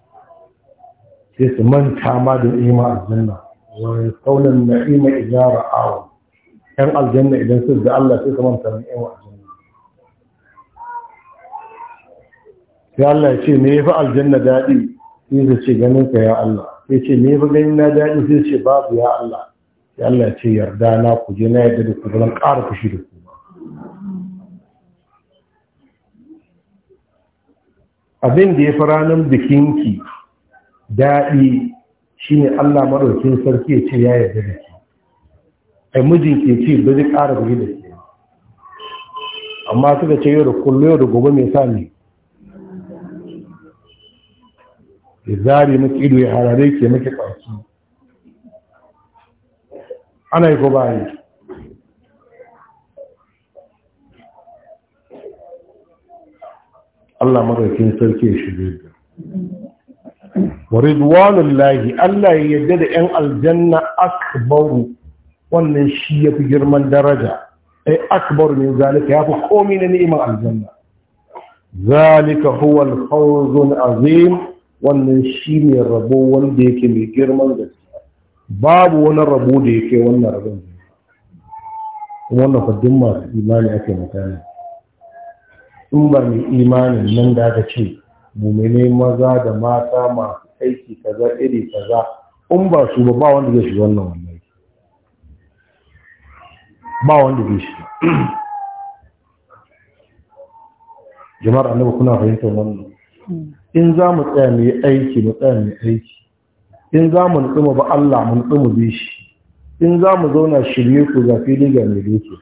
sai su manta ma da ima aljanna wani na ima ijara awon yan aljanna idan su da Allah sai su manta na ima aljanna Ya Allah ya ce me yafi aljanna daɗi sai su ce ganin ka ya Allah sai ce me yafi ganin na daɗi sai ce babu ya Allah Ya Allah ya ce yarda na ku je na yarda da ku zan ƙara fushi da ku abin da ya fi ranar bikinki daɗi shine Allah maɗaukin sarki ya ce ya yarda da ki ai mijin ke ce ba zai ƙara fushi da ki amma suka ce yau da kullum yau da gobe mai sa ne ya zare maki ido ya harare ke maki baki ana yi ko ba yi Allah madaukin sarki ya shirye da wa ridwanullahi Allah ya yadda da yan aljanna akbaru wannan shi ya fi girman daraja ai akbar min zalika ya fi komi na ni'imar aljanna zalika huwa al-fawzul azim wannan shi ne rabo wanda yake mai girman gaske babu wani rabo da yake wannan rabon kuma wannan fadin masu imani ake mutane. in ba mai imanin nan da aka ce mumene maza da mata masu aiki kaza iri kaza in ba su ba ba wanda zai shi wannan wannan ba wanda zai shi jama'ar annabi kuna fahimtar wannan hmm. in za mu tsaya mai aiki mu tsaya mai aiki in za mu nutsu ba Allah mu nutsu mu bi shi in za mu zauna shirye ku ga fili ga mai doke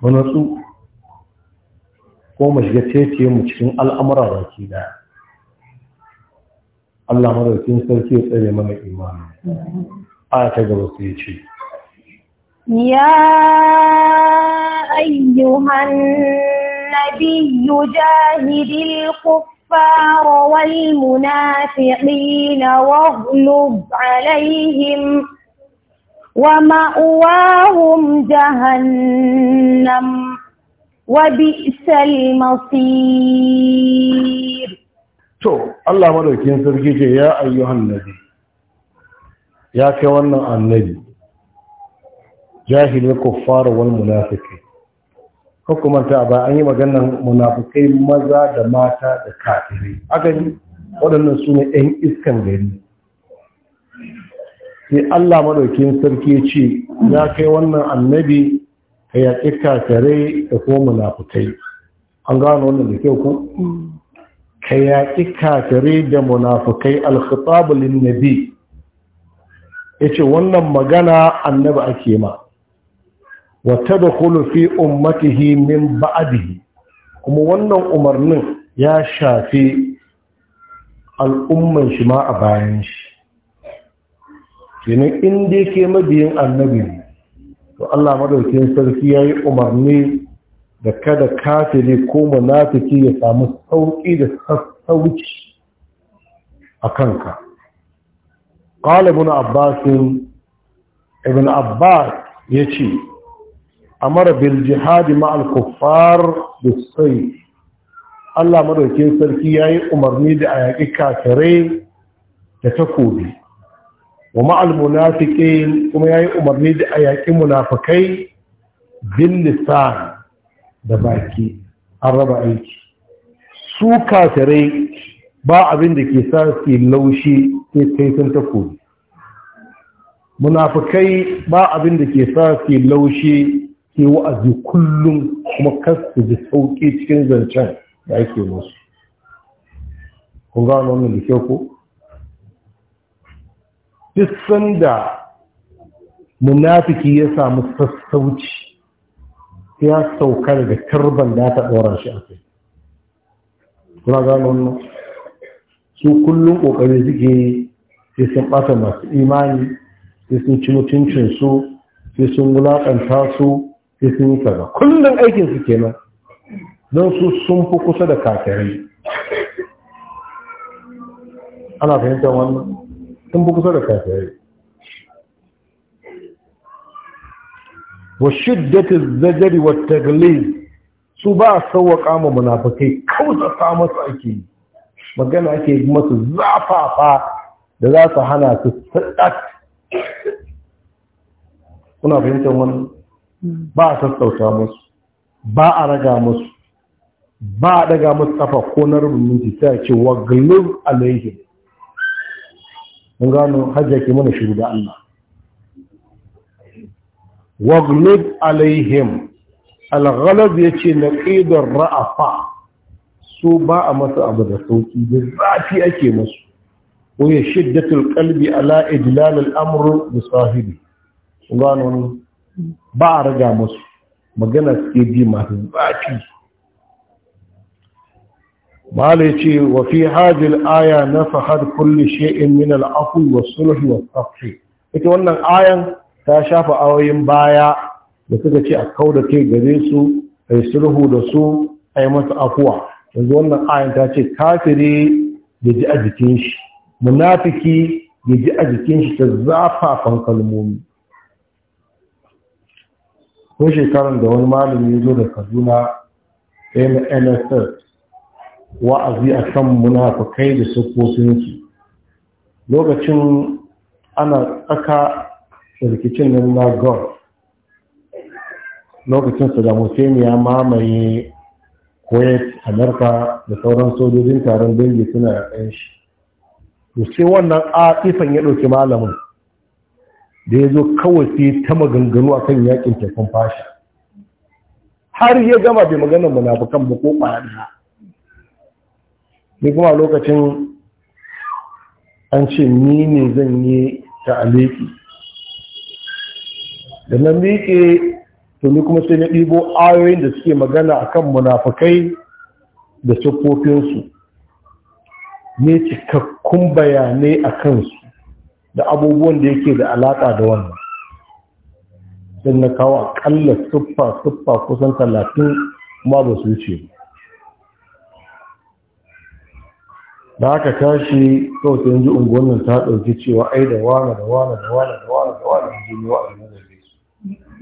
mu nutsu ko mu shiga tece mu cikin al'amura ke da. Allah madaukin sarki ya tsare mana imani a ta gaba sai ce ya ayyuhan النبي جاهد الكفار والمنافقين واغلب عليهم ومأواهم جهنم وبئس المصير to Allah madaukin sarki ce ya ayyuhan nabi ya kai wannan annabi jahilul kuffar wal munafiqin hukumanta ba an yi maganar munafukai maza da mata da kafirai agani waɗannan su ne ɗan iskan gari sai Allah maɗaukin sarki ce ya kai wannan annabi ka yaƙi kafirai da kuma munafukai an gano wannan da kyau ku ka yaƙi kafirai da munafukai alkhitabulin nabi ya ce wannan magana annabi ake ma wa tadkhulu fi ummatihi min ba'dihi kuma wannan umarnin ya shafi al'umman shi ma a bayan shi kenan in ke mabiyin annabi to Allah madaukakin sarki yayi umarni da kada kafiri ko munafiki ya samu sauki da sassauci a kanka qala ibn abbas ibn abbas amara bil jihadi ma'al kuffar bisai Allah madaukin sarki yayi umarni da a yaƙi da takobi wa ma'al munafiqin kuma yayi umarni da a munafikai bil lisan da baki an raba aiki su kafirai ba abin da ke sa su laushi sai kaifin takobi munafikai ba abin da ke sa su laushi ke wa'azi kullum kuma kar su ji cikin zancen da ake musu kun gano wannan da kyau ko duk sanda munafiki ya samu sassauci ya sauka daga turban da ta ɗora shi a kai kuna gano wannan su kullum ƙoƙari suke sai sun ɓata masu imani sai sun ci mutuncinsu sai sun wulaƙanta su sai sun yi kaza kullum aikin su kenan don su sun fi kusa da kakirai ana fahimtar wannan sun fi kusa da kafirai wa shiddatu zajari wa taglib su ba a kama ma munafukai ta masu ake yi magana ake masu zafafa da za su hana su sadat kuna fahimtar wannan. ba a sassauta musu ba a raga musu ba a daga musu kafa ko na rubin minti sai a ce wa glub alaihi mun gano hajjar ke mana shiru da Allah wa Alayhim alaihim ya ce na ƙidar ra'afa su ba a masa abu da sauki da zafi ake masu ya shiddatul kalbi ala idlal al-amr bi sahibi gano ba a raga masu magana suke bi masu zafi malai ce wa fi hajjil aya na fahad kulli she'in min al'afu wa sulhu wa safi ita wannan ayan ta shafa awoyin baya da suka ce a kau da kai gare su ai sulhu da su ai masa afuwa yanzu wannan ayan ta ce kafiri ya ji a jikin shi munafiki ya ji a jikin shi ta zafafan kalmomi ko shekarar da wani malami ya zo da kaduna wa'azi a kan munafukai da siffofinsu lokacin ana tsaka da rikicin nan na gulf lokacin da hussein ya mamaye kuwait amurka da sauran sojojin taron dangi suna kan shi to sai wannan atifan ya ɗauki malamin da ya zo kawai sai ta maganganu a kan yakin tekun fashi har ya gama bai maganar munafukan ba ko ɗaya ne kuma lokacin an ce ni ne zan yi ta aleki da na miƙe to ni kuma sai na ɗibo ayoyin da suke magana a kan munafukai da siffofinsu ne cikakkun bayanai a kansu da abubuwan da yake da alaƙa da wannan sun na kawo akalla siffa siffa kusan talatin kuma ba su wuce da aka tashi kawai ta yanzu ungonin ta ɗauki cewa ai da wane da wane da wane da wane da wane da da wa da wane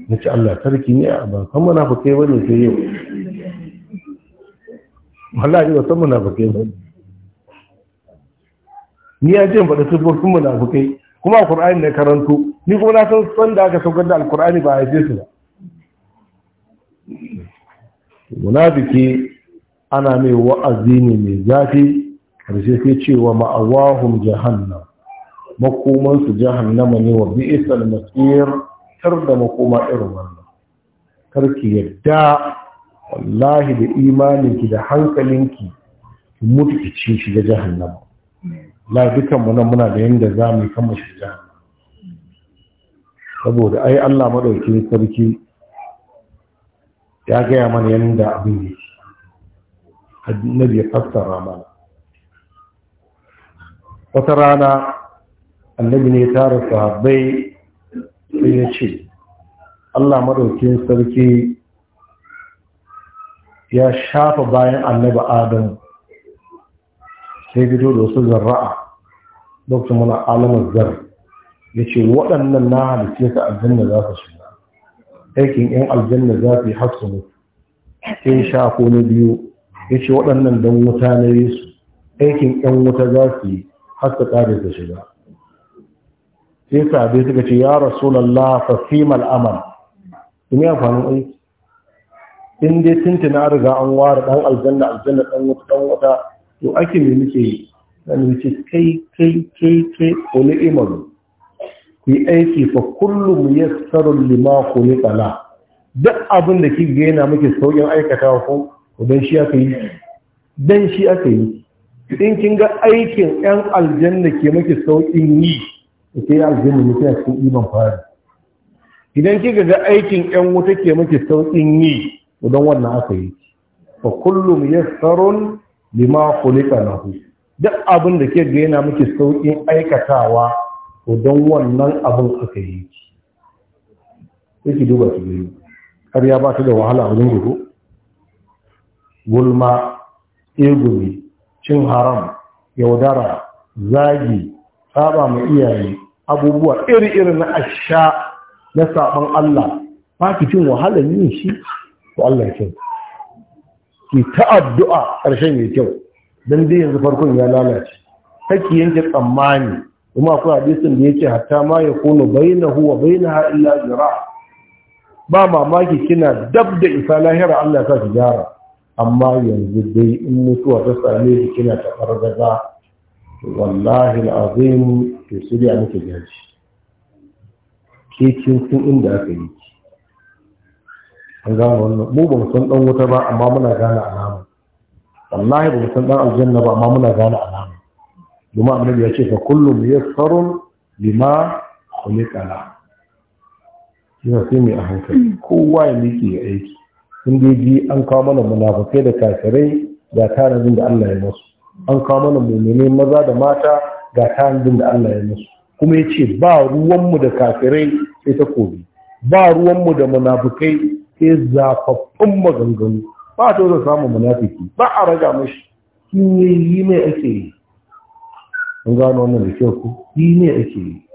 na ci Allah tarki ne a ban san munafukai ba ne sai yau ne ba san munafukai ba ne ni ya ce faɗa siffofin munafukai kuma alkur'ani ne karanto ni kuma na san san da aka saukar da alkur'ani ba a su ba munafiki ana mai wa'azi ne mai zafi karshe sai cewa ma'awahun jahannam makomansu su jahannama ne wa bi'sal masir tar da makoma irin wannan karki yadda wallahi da imaninki da hankalinki mutu ki ci shi ga jahannama la dukan mu nan muna da yanda za mu kama shi saboda ai Allah madaukakin sarki ya gaya mana yanda abin yi annabi ya fassara mana wata rana annabi ne tara sahabbai sai ya ce Allah madaukakin sarki ya shafa bayan annabi Adamu. sai fito da wasu zarra'a lokacin wani alamar zar ya ce waɗannan na halitta ka aljanna za su shiga aikin yan aljanna za su yi hasu ne sai sha ko na biyu ya ce waɗannan don wuta na yi su aikin yan wuta za su yi haska ƙare da shiga sai sahabai suka ce ya rasulallah Fasimal fimal amal yi amfanin aiki in dai tuntuna an riga an ware ɗan aljanna aljanna ɗan wuta wuta to ake ne muke yi dan ce kai kai kai kai qulu imanu ku yi aiki fa kullum ya tsarin lima khuliqa tsala. duk abin da kike ga yana muke saukin aikata ko don shi aka yi don shi aka yi in kin ga aikin yan aljanna ke muke saukin yi aljan aljanna muke cikin iman fari idan kika ga aikin yan wuta ke muke saukin yi don wannan aka yi fa kullum ya tsarin lima kulika hu duk abin da ke ga yana miki sauƙin aikatawa to don wannan abin aka yi sai ki duba ki gani ya ba ta da wahala wajen gudu gulma egumi cin haram yaudara zagi saba ma iyaye abubuwa iri-iri na asha na saban Allah ba ki cin wahala yin shi to Allah ya ki ta addu'a ƙarshen ya kyau don zai yanzu farkon ya lalace kake yanke tsammani kuma akwai hadisin da yake hatta ma ya na huwa bai na illa jira ba mamaki kina dab da isa lahira Allah ya sa gyara amma yanzu dai in mutuwa ta same shi kina ta fargaza wallahi alazim to sai a miki gaji ke kin inda aka yi an wannan mu ba mu san dan wuta ba amma muna gane alama wallahi ba mu san dan aljanna ba amma muna gane alama kuma annabi ya ce fa kullum yassarun lima khuliqa la yana sai mai a hankali kowa ya miƙe ya aiki in dai ji an kawo mana munafukai da kafirai ga tanadin da Allah ya musu an kawo mana mumini maza da mata ga tanadin da Allah ya musu kuma ya ce ba ruwanmu da kafirai sai ta kobi ba ruwanmu da munafukai sai zafaffun maganganu ba ta wanda samun munafiki ba a raga mashi in yi mai ake yi an gano wannan da kyau ku yi mai ake yi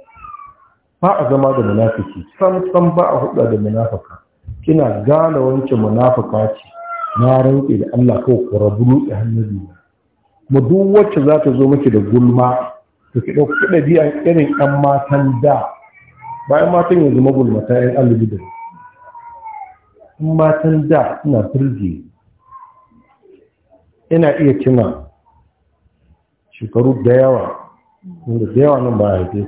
ba a zama da munafiki sam sam ba a hudu da munafaka kina gane wancan munafaka ce na rantse da Allah kawai ku rabu da hannabi mu duk wacce za ta zo miki da gulma Ta ki ɗauki ɗabi'a irin yan matan da bayan matan yanzu magulmata yan alibi da matan da suna firji ina iya tuna shekaru da yawa wanda da yawa nan ba a haife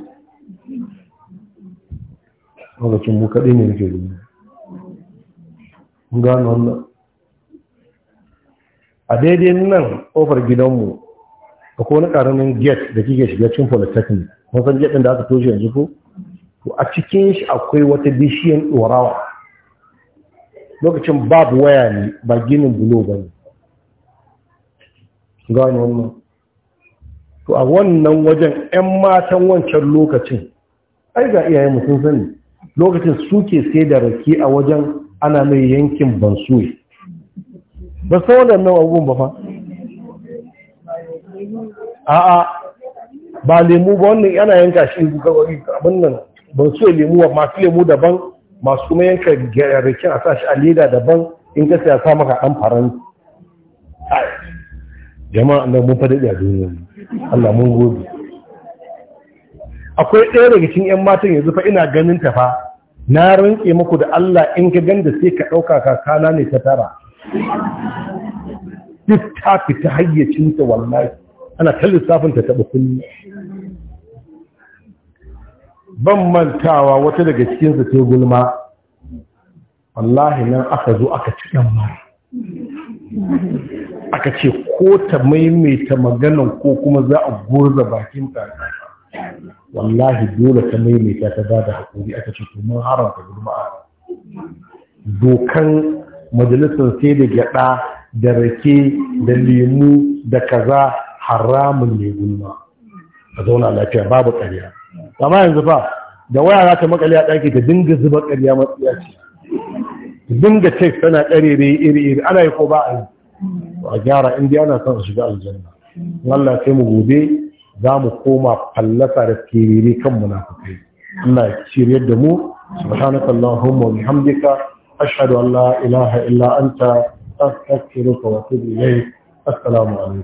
su lokacin mu kaɗai ne nake rumu gano wannan a daidai nan ofar gidanmu da kone ƙaramin get da kike shiga cikin polytechnic wasan san da aka toshe yanzu ko a cikin shi akwai wata bishiyan ɗorawa lokacin babu waya ne ba ginin bulo ba ne gani wannan to a wannan wajen 'yan matan wancan lokacin ai ga iyayen mutum sani lokacin suke sai da rake a wajen ana mai yankin bansuwe ba san waɗannan abubuwan ba fa a'a ba lemu ba wannan yana yanka shi abin nan bansuwe lemu ba masu lemu daban masu kuma yanka rikin a sa shi a leda daban in ka siya sa maka an faran jama'a nan mun a duniya Allah mun gobe akwai ɗaya daga cikin ƴan matan yanzu fa ina ganin ta fa na rinke muku da Allah in ka ganda sai ka ɗauka kakana ne ta tara duk ta fita hayyacinta wallahi ana ta lissafin ta taɓa kunne. ban mantawa wata daga cikinsu ta gulma wallahi nan aka zo aka ci ɗan mara aka ce ko ta maimaita maganan ko kuma za a gurza bakin ta wallahi dole ta maimaita ta ba da haƙuri aka ce mun haramta gulma dokan majalisar sai da gyada da rake da lemu da kaza haramun ne gulma a zauna lafiya babu ƙarya amma yanzu fa da waya za ta makale a ɗaki ta dinga zuba ƙarya matsiya ce ta dinga cek tana ƙarere iri iri ana yi ko ba a yi a gyara indiya ana son shiga aljanna wallah sai mu gobe za mu koma fallasa da kerere kan munafukai Allah ya shiryar da mu subhanaka allahumma wa bihamdika ashhadu an la ilaha illa anta astaghfiruka wa atubu ilayk assalamu alaikum